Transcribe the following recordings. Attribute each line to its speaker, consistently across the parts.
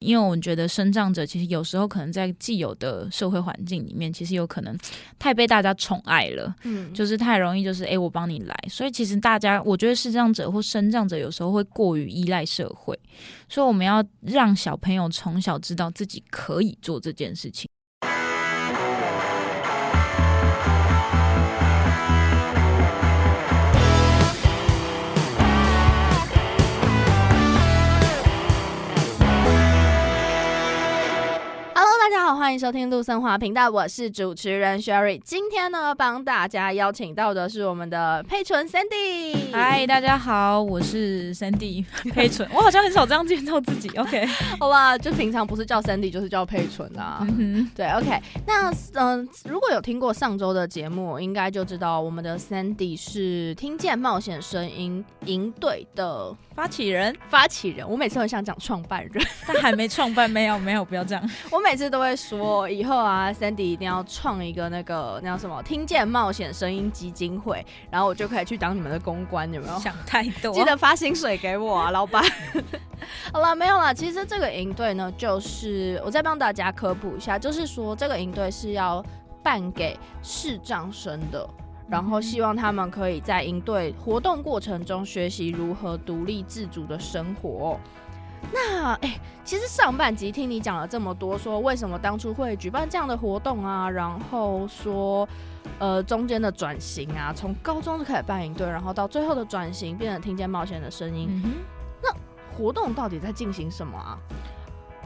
Speaker 1: 因為我覺得身障者其實有時候可能在既有的社會環境裡面，其實有可能太被大家寵愛了，嗯、就是太容易就是誒、欸，我幫你來，所以其實大家我覺得視障者或身障者有時候會過於依賴社會，所以我們要讓小朋友從小知道自己可以做這件事情。
Speaker 2: 歡迎收聽路森華頻道，我是主持人 Sherry。今天呢，幫大家邀請到的是我們的佩純 Sandy。嗨，大家好，我是 Sandy 佩
Speaker 1: 純。 我好像很少這樣介紹自己，OK？好吧，
Speaker 2: 就平常不是叫 Sandy 就是叫佩純啊。嗯哼，對，OK 那。那、呃、嗯，如果有聽過上周的節目，應該就知道我們的 Sandy 是聽見冒險聲音營隊的發起人。發起人，我每次很想講創辦人，但還沒
Speaker 1: 創辦，沒有 沒有，沒有，不要這樣。
Speaker 2: 我每次都會。說以後啊，Sandy 一定要創一個那個那叫什麼“聽見冒險聲音基金會”，然後我就可以去當你們的公關，有沒有？想
Speaker 1: 太多， 記得發薪水給我啊， 老闆。
Speaker 2: 好了，沒有了。其實這個營隊呢，就是我再幫大家科普一下，就是說這個營隊是要辦給視障生的，然後希望他們可以在營隊活動過程中學習如何獨立自主的生活。那哎、欸，其實上半集聽你講了這麼多，說為什麼當初會舉辦這樣的活動啊？然後說，呃，中間的轉型啊，從高中就開始辦營隊，然後到最後的轉型，
Speaker 1: 變成聽見冒險的聲音。嗯、哼那活動到底在進行什麼啊？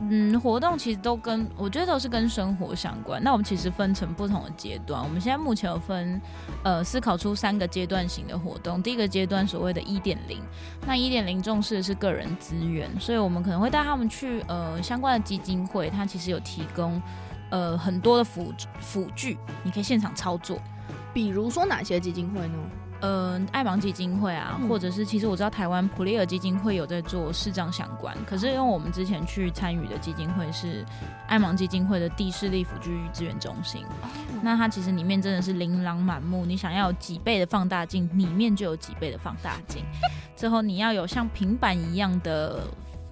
Speaker 1: 嗯，活動其實都跟我覺得都是跟生活相關。那我們其實分成不同的階段，我們現在目前有分，呃，思考出三個階段型的活動。第一個階段所謂的「1.0」，那「1.0」重視的是個人資源，所以我們可能會帶他們去呃相關的基金會，它其實有提供呃很多的輔輔具，你可以現場操作。比如說哪些基金會呢？嗯、呃，愛盲基金會啊，嗯、或者是其實我知道台灣普利爾基金會有在做視障相關，可是因為我們之前去參與的基金會是愛盲基金會的低視力輔具資源中心，嗯、那它其實裡面真的是琳琅滿目，你想要幾倍的放大鏡，裡面就有幾倍的放大鏡；之後你要有像平板一樣的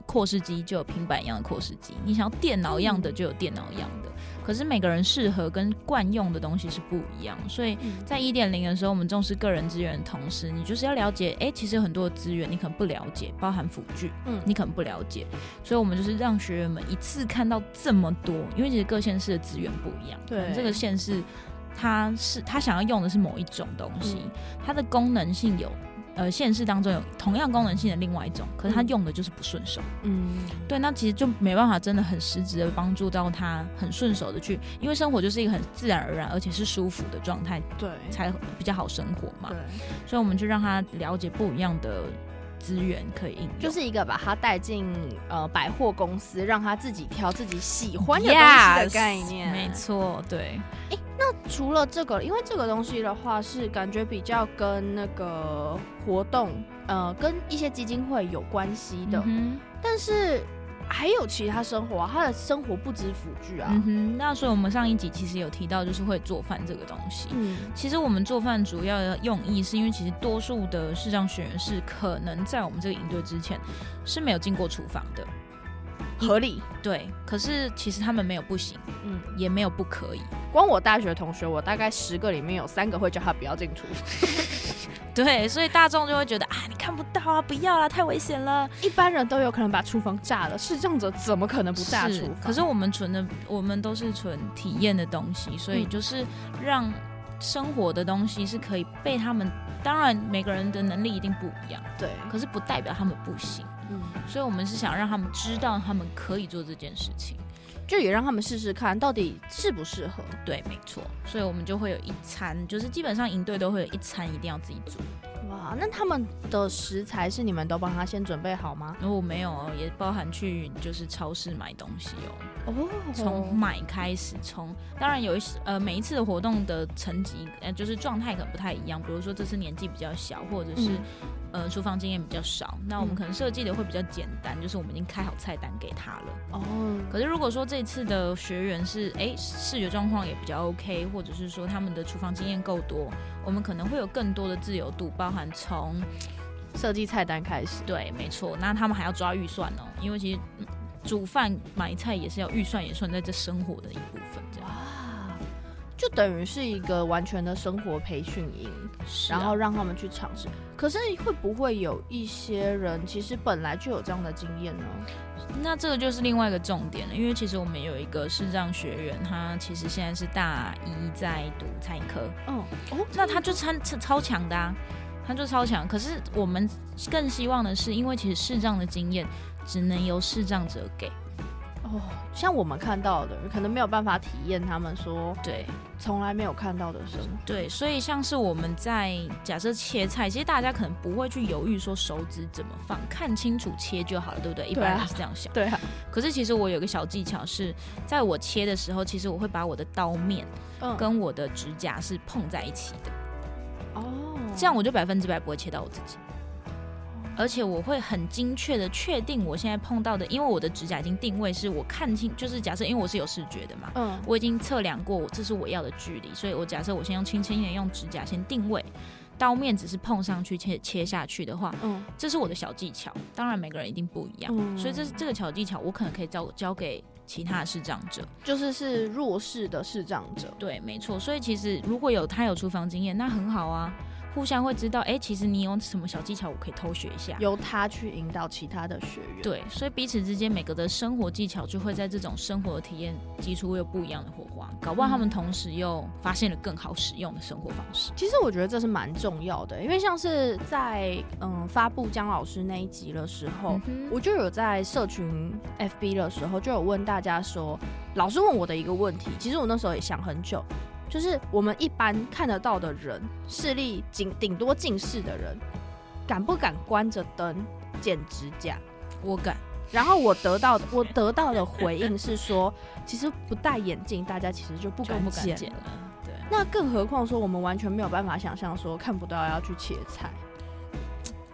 Speaker 1: 擴視機，就有平板一樣的擴視機；你想要電腦一,一樣的，就有電腦一樣。可是每個人適合跟慣用的東西是不一樣，所以在一點零的時候，我們重視個人資源的同時，你就是要了解，哎、欸，其實有很多資源你可能不了解，包含輔具，嗯，你可能不了解，所以我們就是讓學員們一次看到這麼多，因為其實各縣市的資源不一樣，對、嗯，這個縣市，它是它想要用的是某一種東西，它的功能性有。呃，現實當中有同樣功能性的另外一種，可是他用的就是不順手。嗯，對，那其實就沒辦法，真的很實質的幫助到他，很順手的去，因為生活就是一個很自然而然而且是舒服的狀態，對，才比較好生活嘛。對，所以我們就讓他了解不一樣的。資源可以應用，就是一個把他帶進呃百貨公司，讓他
Speaker 2: 自己挑自己喜歡的東西的概念。Yes, 沒
Speaker 1: 錯，對。
Speaker 2: 誒、欸。那除了這個，因為這個東西的話是感覺比較跟那個活動，呃，跟一些基金會有關係的，嗯、哼但是。還有其他生
Speaker 1: 活，啊，他的生活不止輔具啊。嗯哼，那所以我們上一集其實有提到，就是會做飯這個東西。嗯，其實我們做飯主要的用意，是因為其實多數的視障學員是可能在我們這個營隊之前是沒有進過廚房的。合理，對，可是其實他們沒有不行，嗯，也沒有不可以。光我大學同學，我大概十個裡面有三個會叫他不要進廚房。 對，所以大眾就會覺得啊，你看不到啊，不要啦，太危險了。一般人都有可能把廚房炸了，是這樣子，怎麼可能不炸廚房？是，可是我們純的，我們都是純體驗的東西，所以就是讓生活的東西是可以被他們。當然，每個人的能力一定不一樣，對，可是不代表他們不行。嗯、所以，我們是想讓他們知道，他們可以做這件事情，就也讓他們試試看，到底適不適合。對，沒錯。所以，我們就會有一餐，就是基本上營隊都會有一餐一定要自己煮。哇，那他們的食材是你們都幫他先準備好嗎？哦，沒有、哦，也包含去就是超市買東西哦。哦。從買開始，從當然有一些呃，每一次的活動的層級，呃，就是狀態可能不太一樣。比如說這次年紀比較小，或者是、嗯。呃，廚房經驗比較少，那我們可能設計的會比較簡單，嗯、就是我們已經開好菜單給他了。哦、嗯，可是如果說這次的學員是哎、欸、視覺狀況也比較 OK，或者是說他們的廚房經驗夠多，我們可能會有更多的自由度，包含從設計菜單開始。對，沒錯。那他們還要抓預算哦、喔，因為其實、嗯、煮飯買菜也是要預算，也算在這生活的一部分這樣。就等於是一
Speaker 2: 個完全的生活培訓營，啊、然後讓他們去嘗試。可是會不會有一些人其實本來就有這樣的經驗呢？
Speaker 1: 那這個就是另外一個重點了，因為其實我們有一個視障學員，他其實現在是大一在讀餐飲科。哦哦，那他就超超強的啊，他就超強。可是我們更希望的是，因為其實視障的經驗只能由視障者給。哦，像我們看到的，可能沒有辦法體驗他們說，對，從來沒有看到的時候，對，所以像是我們在假設切菜，其實大家可能不會去猶豫說手指怎麼放，看清楚切就好了，對不對？對啊、一般是這樣想。對啊。可是其實我有個小技巧是，在我切的時候，其實我會把我的刀面跟我的指甲是碰在一起的。哦、嗯。這樣我就百分之百不會切到我自己。而且我會很精確的確定我現在碰到的，因為我的指甲已經定位，是我看清，就是假設因為我是有視覺的嘛，嗯，我已經測量過我，這是我要的距離，所以我假設我先用輕輕一點，用指甲先定位，刀面只是碰上去切切下去的話，嗯，這是我的小技巧，當然每個人一定不一樣，嗯，所以這是這個小技巧，我可能可以教交給其他的視障者，就是是弱勢的視障者。對，沒錯，所以其實如果有他有廚房經驗，那很好啊。互相會知道，哎、欸，其實你用什麼小技巧，我可以偷學一下。由
Speaker 2: 他去引導其他的學員，對，
Speaker 1: 所以彼此之間每個的生活技巧就會在這種生活體驗基礎，會有不一樣的火花。搞不好他們同時又發現了更好使用的生活方式。
Speaker 2: 其實我覺得這是蠻重要的、欸，因為像是在嗯發布姜老師那一集的時候，嗯、哼我就有在社群 FB 的時候就有問大家說，老師問我的一個問題，其實我那時候也想很久。就是我們一般看得到的人，視力僅頂多近視的人，敢不敢關着燈剪指甲？我敢。然後我得到的我得到的回應是說， 其實不戴眼鏡，大家其實就不敢剪，不敢剪了。
Speaker 1: 對，
Speaker 2: 那更何況說我們完全沒有辦法想象說看不到要去切菜。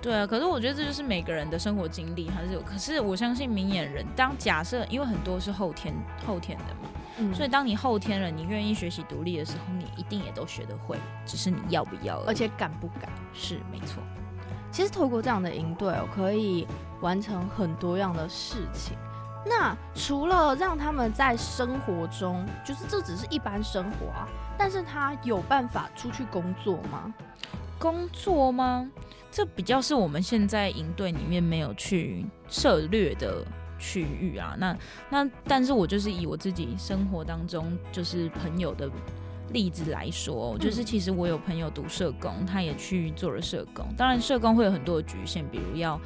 Speaker 1: 對啊，可是我覺得這就是每個人的生活經歷還是有。可是我相信明眼人，當假設因為很多是後天後天的嘛。所以，當你後天了，你願意學習獨立的時候，你一定也都學得會，只是你要不要而，而且敢不敢？是沒錯。其實透過
Speaker 2: 這樣的營隊，我可以完成很多樣的事情。那除了讓他們在生活中，就是這只是一般生活啊，但是他有辦法出去工作嗎？工作嗎？
Speaker 1: 這比較是我們現在營隊裡面沒有去涉獵的。區域啊，那那，但是我就是以我自己生活當中就是朋友的例子來說，就是其實我有朋友讀社工，他也去做了社工。當然，社工會有很多的局限，比如要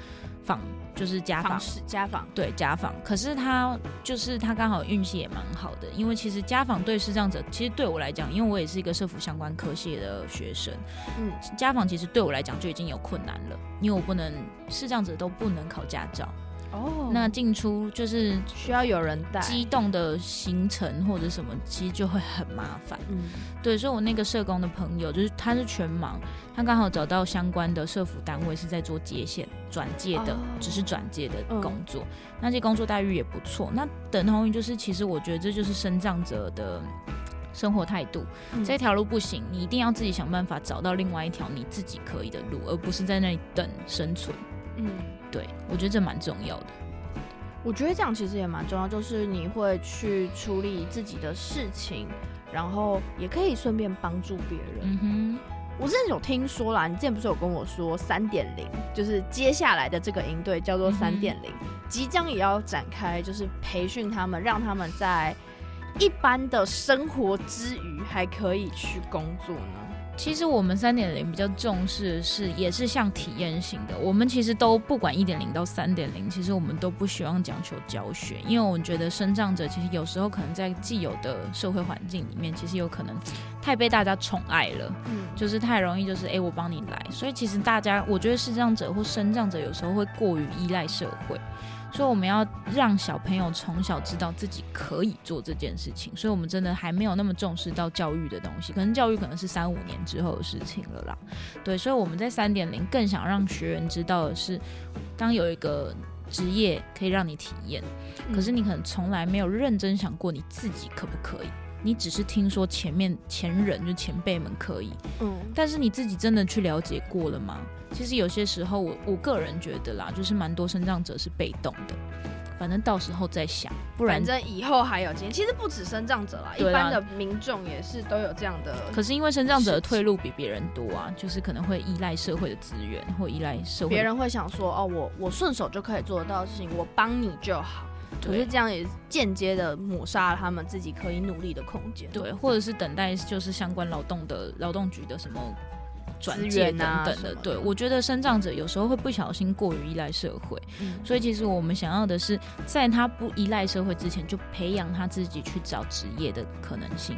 Speaker 1: 訪，就是家訪，家訪，對家訪。可是他就是他剛好運氣也蠻好的，因為其實家訪對視障者，其實對我來講，因為我也是一個社服相關科系的學生，嗯，家訪其實對我來講就已經有困難了，因為我不能視障者，都不能考駕照。哦，oh, 那進出就是需要有人帶，機動的行程或者什麼，其實就會很麻煩。嗯，對，所以我那個社工的朋友，就是他是全盲，他剛好找到相關的社福單位是在做接線轉介的，oh, 只是轉介的工作，uh, 那些工作待遇也不錯。那等同於就是，其實我覺得這就是身障者的生活態度，嗯、這條路不行，你一定要自己想辦法找到另外一條你自己可以的路，而不是在那裡等生存。嗯。對，我覺得這蠻重要的。
Speaker 2: 我覺得這樣其實也蠻重要，就是你會去處理自己的事情，然後也可以順便幫助別
Speaker 1: 人。嗯、
Speaker 2: 哼我之前有聽說啦，你之前不是有跟我說三點零，0, 就是接下來的這個營隊叫做三點零，即將也要展開，就是培訓他們，讓他們在一般的生活之餘，還可以去工作呢？
Speaker 1: 其實我們三點零比較重視的是，也是像體驗型的。我們其實都不管一點零到三點零，其實我們都不希望講求教學，因為我覺得身障者其實有時候可能在既有的社會環境裡面，其實有可能太被大家寵愛了，嗯，就是太容易就是哎、欸、我幫你來，所以其實大家我覺得視障者或身障者有時候會過於依賴社會。所以我們要讓小朋友從小知道自己可以做這件事情，所以我們真的還沒有那麼重視到教育的東西，可能教育可能是三五年之後的事情了啦。對，所以我們在三點零更想讓學員知道的是，當有一個職業可以讓你體驗，可是你可能從來沒有認真想過你自己可不可以。你只是聽說前面前人就前輩們可以，嗯，但是你自己真的去了解過了嗎？其實有些時候我我個人覺得啦，就是蠻多身障者是被動的，反正到時候再想，不然反正
Speaker 2: 以後還有今天。其實不止身障者啦，啦一般的民眾也是都有這樣的。可是因
Speaker 1: 為身障者的退路比別人多啊，就是可能會依賴社會的資源或依賴社會的。別人
Speaker 2: 會想說哦，我我順手就可以做得到的事情，我幫你就好。我對是這樣，也間接的抹殺了他們自己可以努力的空間。對，對或者是等待，就是相關勞動
Speaker 1: 的勞動局的什麼轉介等等的。啊、的對，我覺得身障者有時候會不小心過於依賴社會，嗯、所以其實我們想要的是，在他不依賴社會之前，就培養他自己去找職業的可能性。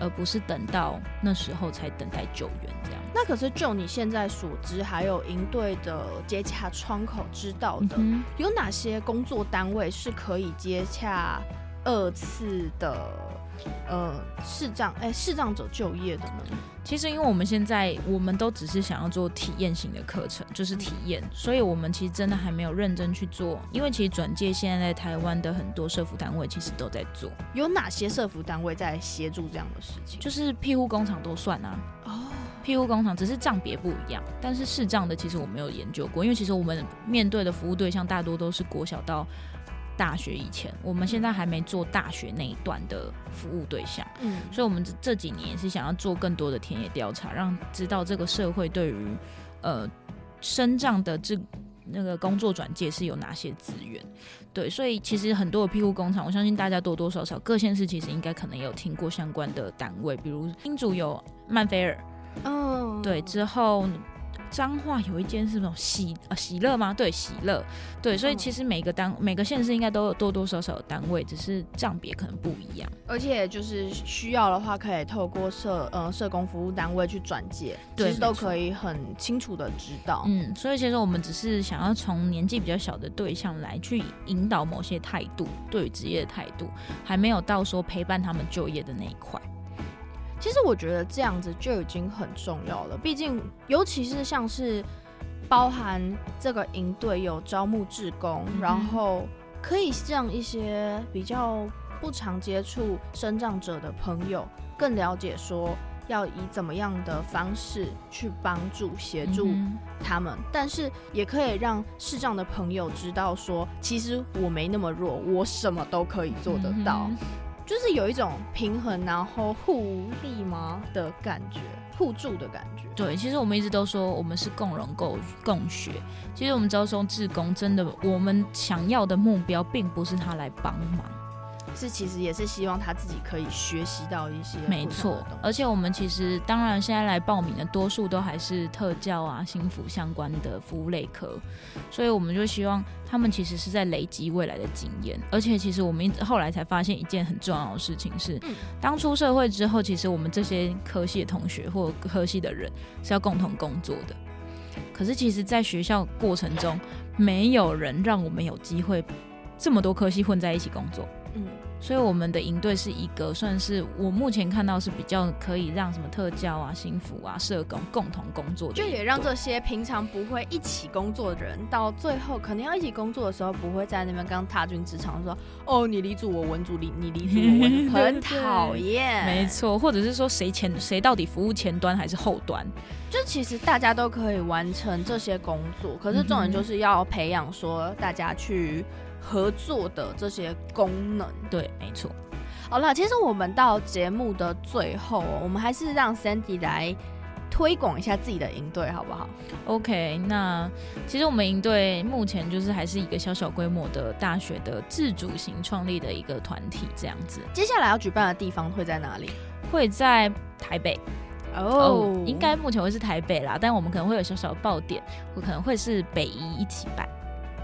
Speaker 1: 而不是等到那時候才等待救援，這樣。
Speaker 2: 那可是就你現在所知，還有營隊的接洽窗口知道的，嗯哼。有哪些工作單位是可以接洽二次的？呃，視障哎，視障者就業的呢？
Speaker 1: 其實，因為我們現在我們都只是想要做體驗型的課程，就是體驗，所以我們其實真的還沒有認真去做。因為其實轉介現在在台灣的很多社福單位其實都在做，有哪些社福單位在協助這樣的事情？就是庇護工廠都算啊。哦，庇護工廠只是障別不一樣，但是視障的其實我沒有研究過，因為其實我們面對的服務對象大多都是國小到。大學以前，我們現在還沒做大學那一段的服務對象，嗯，所以我們這幾年也是想要做更多的田野調查，讓知道這個社會對於呃視障的這那個工作轉介是有哪些資源，對，所以其實很多的庇護工廠，我相信大家多多少少各縣市其實應該可能也有聽過相關的單位，比如新竹有曼菲爾，哦，對，之後。彰化有一間是那種喜呃喜樂嗎？對，喜樂，對，所以其實每個單每個縣市應該都有多多少少的單位，只是賬別可能不一樣。
Speaker 2: 而且就是需要的話，可以透過社呃社工服
Speaker 1: 務單位去轉介，其實都可以很清楚的知道。嗯，所以其實我們只是想要從年紀比較小的對象來去引導某些態度，對職業的態度，還沒有到說陪伴他們就業的那一塊。其實我覺得這樣子
Speaker 2: 就已經很重要了，畢竟，尤其是像是包含這個營隊有招募志工，嗯、哼然後可以讓一些比較不常接觸身障者的朋友更了解，說要以怎麼樣的方式去幫助協助他們，嗯、哼但是也可以讓視障的朋友知道說，說其實我沒那麼弱，我什麼都可以做得到。嗯就是有一種平衡，然後互利嗎的感覺，互助的感覺。
Speaker 1: 對，其實我們一直都說，我們是共融、共共學。其實我們招收志工，真的，我們想要的目標並不是他來幫忙。
Speaker 2: 是，其實也是希望他自己可以學習到一些的沒錯，
Speaker 1: 而且我們其實當然現在來報名的多數都還是特教啊、心輔相關的服務類科，所以我們就希望他們其實是在累積未來的經驗。而且其實我們後來才發現一件很重要的事情是，當出社會之後，其實我們這些科系的同學或科系的人是要共同工作的。可是其實，在學校過程中，沒有人讓我們有機會這麼多科系混在一起工作。嗯，所以我們的營隊是一個算是我目前看到是比較可以讓什麼特教啊、心輔啊、社工共同工作的，就也讓這
Speaker 2: 些平常不會一起工作的人，到最後可能要一起工作的時候，不會在那邊剛踏進職場說：“ 哦，你理組我文組，你理組我文組。”文 很討厭， 沒
Speaker 1: 錯，或者是說誰前誰到底服務前端還是後端？
Speaker 2: 就其實大家都可以完成這些工作，可是重點就是要培養說大家去。合作的這些功能，對，沒錯。好了，其實我們到節目的最後、喔，我們還是讓 Sandy
Speaker 1: 來推廣一下自己的營隊，好不好？OK，那其實我們營隊目前就是還是一個小小規模的大學的自主型創立的一個團體，這樣子。接下來要舉辦的地方會在哪裡？會在台北。哦，oh. oh, 應該目前會是台北啦，但我們可能會有小小的爆點，我可能會是北醫一起辦。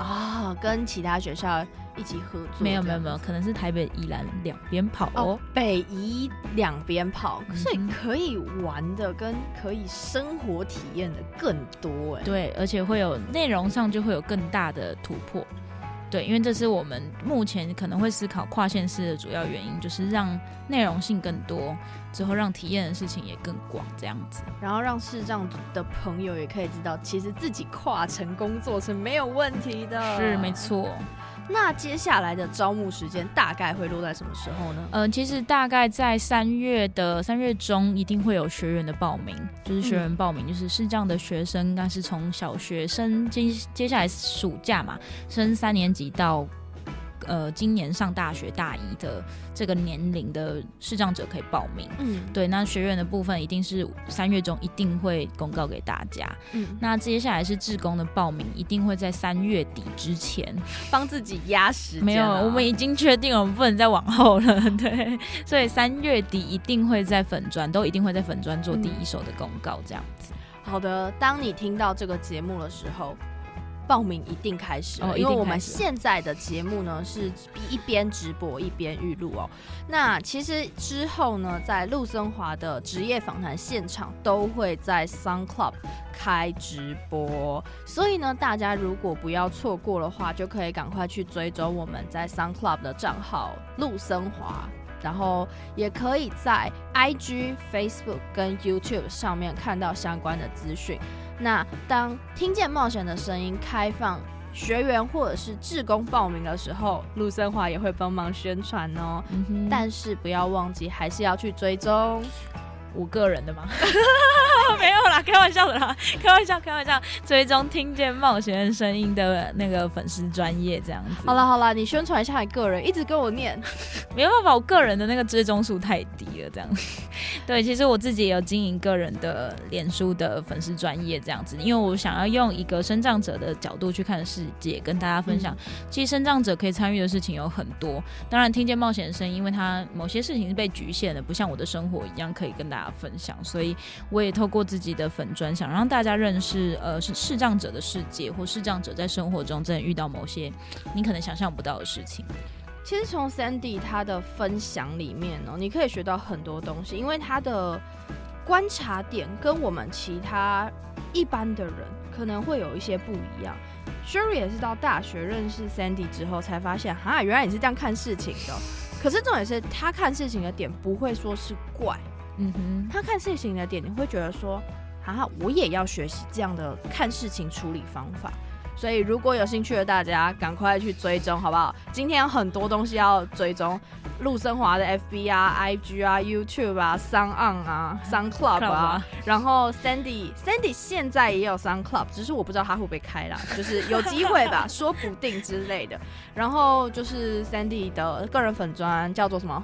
Speaker 2: 啊、哦，跟其他學校一起合作？沒有沒有沒有，可能是台北、
Speaker 1: 宜蘭兩邊跑哦，哦北宜兩邊跑，所以
Speaker 2: 可以玩的跟可以生活體驗的更多哎、嗯，對，
Speaker 1: 而且會有內容上就會有更大的突破。對，因為這是我們目前可能會思考跨縣市的主要原因，就是讓內容性更多，之後讓體驗的事情也更廣這樣子，
Speaker 2: 然後讓視障的朋友也可以知道，其實自己跨城工作是沒有問題的。是，沒錯。那接下來的招募時間大概會落在什麼時候呢？
Speaker 1: 嗯、呃，其實大概在三月的三月中，一定會有學員的報名，就是學員報名，嗯、就是是這樣的學生，應該是從小學生今接下來暑假嘛，升三年級到。呃，今年上大學大一的這個年齡的視障者可以報名。嗯，對，那學員的部分一定是三月中一定會公告給大家。嗯，那接下來是志工的報名，一定會在三月底之前幫自己壓實、喔。沒有，我們已經確定，我們不能再往後了。對，所以三月底一定會在粉專，都一定會在粉專做第一手的公告，這樣子、
Speaker 2: 嗯。好的，當你聽到這個節目的時候，報名一定開始哦，始因為我們現在的節目呢，是一邊直播一邊預錄哦。那其實之後呢，在路森華的職業訪談現場都會在 Sound Club 開直播，所以呢，大家如果不要錯過的話，就可以趕快去追蹤我們在 Sound Club 的賬號路森華，然後也可以在 IG、Facebook 跟 YouTube 上面看到相關的資訊。那當聽見冒險的聲音開放學員或者是志工報名的時候，路森華也會幫忙宣傳哦。嗯、哼但是不要忘記，還是要去追蹤我個人的嗎？
Speaker 1: 沒有啦，開玩笑的啦，開玩笑，開玩笑，追蹤聽見冒險聲音的那個粉絲專業這樣子。好了好了，你宣傳一下你個人，一直跟我念，沒有辦法，我個人的那個追蹤數太低了這樣。對，其實我自己也有經營個人的臉書的粉絲專頁這樣子，因為我想要用一個視障者的角度去看世界，跟大家分享。嗯、其實視障者可以參與的事情有很多，當然聽見冒險的聲音，因為他某些事情是被局限的，不像我的生活一樣可以跟大家分享。所以我也透過自己的粉專，想讓大家認識，呃，是視障者的世界，或視障者在生活中真的遇到某些你可能想象不到的事情。
Speaker 2: 其實從 Sandy 他的分享裡面哦，你可以學到很多東西，因為他的觀察點跟我們其他一般的人可能會有一些不一樣。Sherry 也是到大學認識 Sandy 之後才發現，哈，原來你是這樣看事情的。可是重點是他看事情的點不會說是怪，嗯哼，他看事情的點你會覺得說，哈，我也要學習這樣的看事情處理方法。所以，如果有興趣的大家，趕快去追蹤，好不好？今天很多東西要追蹤，路森華的 FB 啊、IG 啊，YouTube 啊，SoundOn 啊，Sound Club 啊，Club 啊，然後 Sandy Sandy 現在也有 Sound Club，只是我不知道他會不會開啦，就是有機會吧， 說不定之類的。然後就是 Sandy 的個人粉專叫做什麼？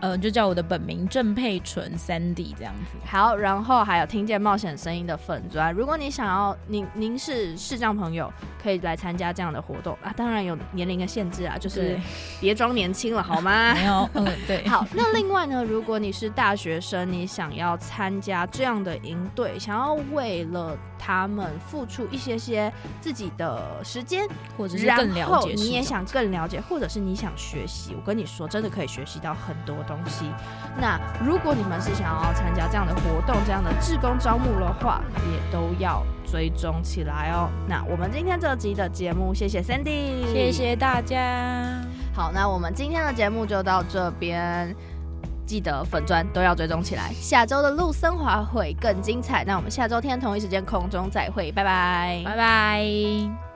Speaker 2: 呃，就叫我的本名鄭佩純 Sandy 這樣子。好，然後還有聽見冒險聲音的粉專，如果你想要，您您是視障朋友，可以來參加這樣的活動啊。當然有年齡的限制啊，就是別裝年輕了，對好嗎？ 沒有，嗯，對。好，那另外呢，如果你是大學生，你想要參加這樣的營隊，想要為了。他們付出一些些自己的時間，或者是更了解，你也想更了解，或者是你想學習，我跟你說，真的可以學習到很多東西。那如果你們是想要參加這樣的活動、這樣的志工招募的話，也都要追蹤起來哦。那我們今天這集的節目，謝謝 Sandy，謝謝大家。好，那我們今天的節目就到這邊。記得粉磚都要追蹤起來。下周的路森華會更精彩，那我們下周天同一時間空中再會，拜拜，拜拜。